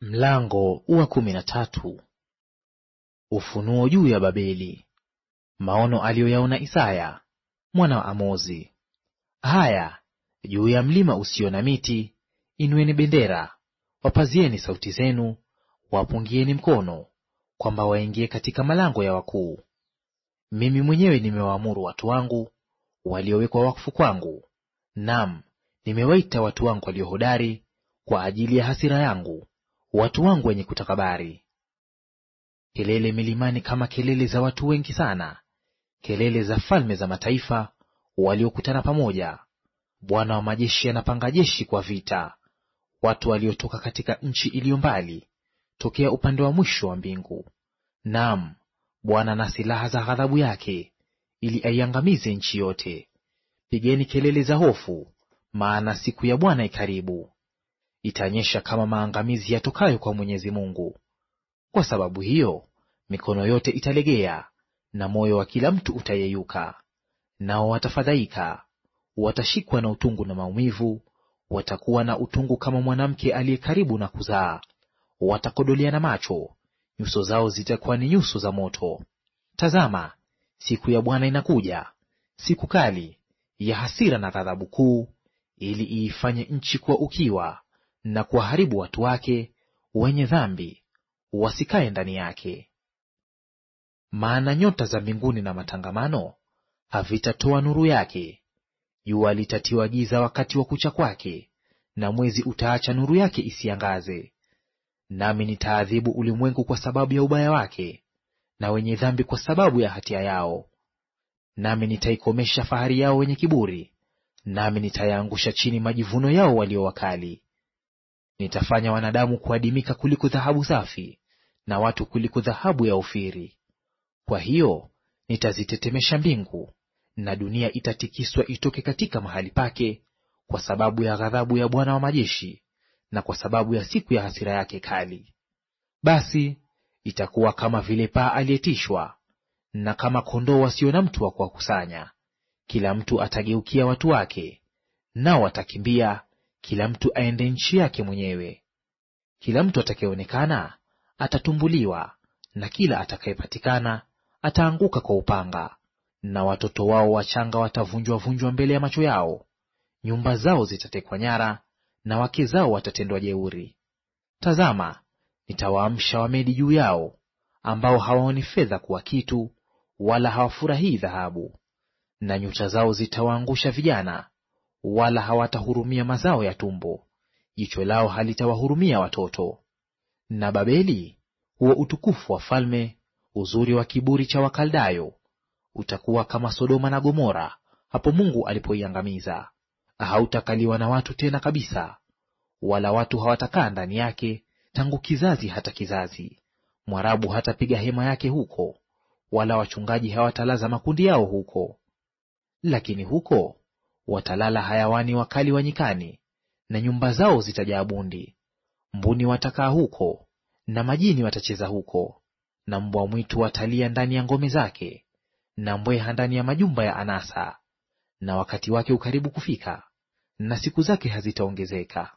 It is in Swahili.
Mlango wa kumi na tatu. Ufunuo juu ya Babeli. Maono aliyoyaona Isaya mwana wa Amozi. Haya, juu ya mlima usio na miti inueni bendera, wapazieni sauti zenu, wapungieni mkono, kwamba waingie katika malango ya wakuu. Mimi mwenyewe nimewaamuru watu wangu waliowekwa wakfu kwangu, nam nimewaita watu wangu waliohodari kwa ajili ya hasira yangu watu wangu wenye kutakabari. Kelele milimani kama kelele za watu wengi sana, kelele za falme za mataifa waliokutana pamoja. Bwana wa majeshi anapanga jeshi kwa vita. Watu waliotoka katika nchi iliyo mbali, tokea upande wa mwisho wa mbingu. Naam, Bwana na silaha za ghadhabu yake, ili aiangamize nchi yote. Pigeni kelele za hofu, maana siku ya Bwana ikaribu itanyesha kama maangamizi yatokayo kwa Mwenyezi Mungu. Kwa sababu hiyo mikono yote italegea na moyo wa kila mtu utayeyuka. Nao watafadhaika, watashikwa na utungu na maumivu, watakuwa na utungu kama mwanamke aliye karibu na kuzaa, na macho, nyuso zao zitakuwa ni nyuso za moto. Tazama, siku ya Bwana inakuja, siku kali ya hasira na ghadhabu kuu, ili iifanye nchi kuwa ukiwa, na kuwaharibu watu wake wenye dhambi wasikae ndani yake. Maana nyota za mbinguni na matangamano havitatoa nuru yake. Jua litatiwa giza wakati wa kucha kwake, na mwezi utaacha nuru yake isiangaze. Nami nitaadhibu ulimwengu kwa sababu ya ubaya wake, na wenye dhambi kwa sababu ya hatia yao. Nami nitaikomesha fahari yao wenye kiburi, nami nitayaangusha chini majivuno yao walio wakali. Nitafanya wanadamu kuadimika kuliko dhahabu safi, na watu kuliko dhahabu ya Ofiri. Kwa hiyo nitazitetemesha mbingu, na dunia itatikiswa itoke katika mahali pake, kwa sababu ya ghadhabu ya Bwana wa majeshi, na kwa sababu ya siku ya hasira yake kali. Basi itakuwa kama vile paa aliyetishwa, na kama kondoo wasio na mtu wa kuwakusanya. Kila mtu atageukia watu wake, nao watakimbia kila mtu aende nchi yake mwenyewe. Kila mtu atakayeonekana atatumbuliwa, na kila atakayepatikana ataanguka kwa upanga. Na watoto wao wachanga watavunjwa-vunjwa mbele ya macho yao, nyumba zao zitatekwa nyara, na wake zao watatendwa jeuri. Tazama, nitawaamsha Wamedi juu yao, ambao hawaoni fedha kuwa kitu, wala hawafurahii dhahabu; na nyuta zao zitawaangusha vijana, wala hawatahurumia mazao ya tumbo, jicho lao halitawahurumia watoto. Na Babeli, huo utukufu wa falme, uzuri wa kiburi cha Wakaldayo, utakuwa kama Sodoma na Gomora hapo Mungu alipoiangamiza. Hautakaliwa na watu tena kabisa, wala watu hawatakaa ndani yake tangu kizazi hata kizazi. Mwarabu hatapiga hema yake huko, wala wachungaji hawatalaza makundi yao huko. Lakini huko Watalala hayawani wakali wa nyikani, na nyumba zao zitajaa bundi. Mbuni watakaa huko, na majini watacheza huko, na mbwa mwitu watalia ndani ya ngome zake, na mbweha ndani ya majumba ya anasa. Na wakati wake ukaribu kufika, na siku zake hazitaongezeka.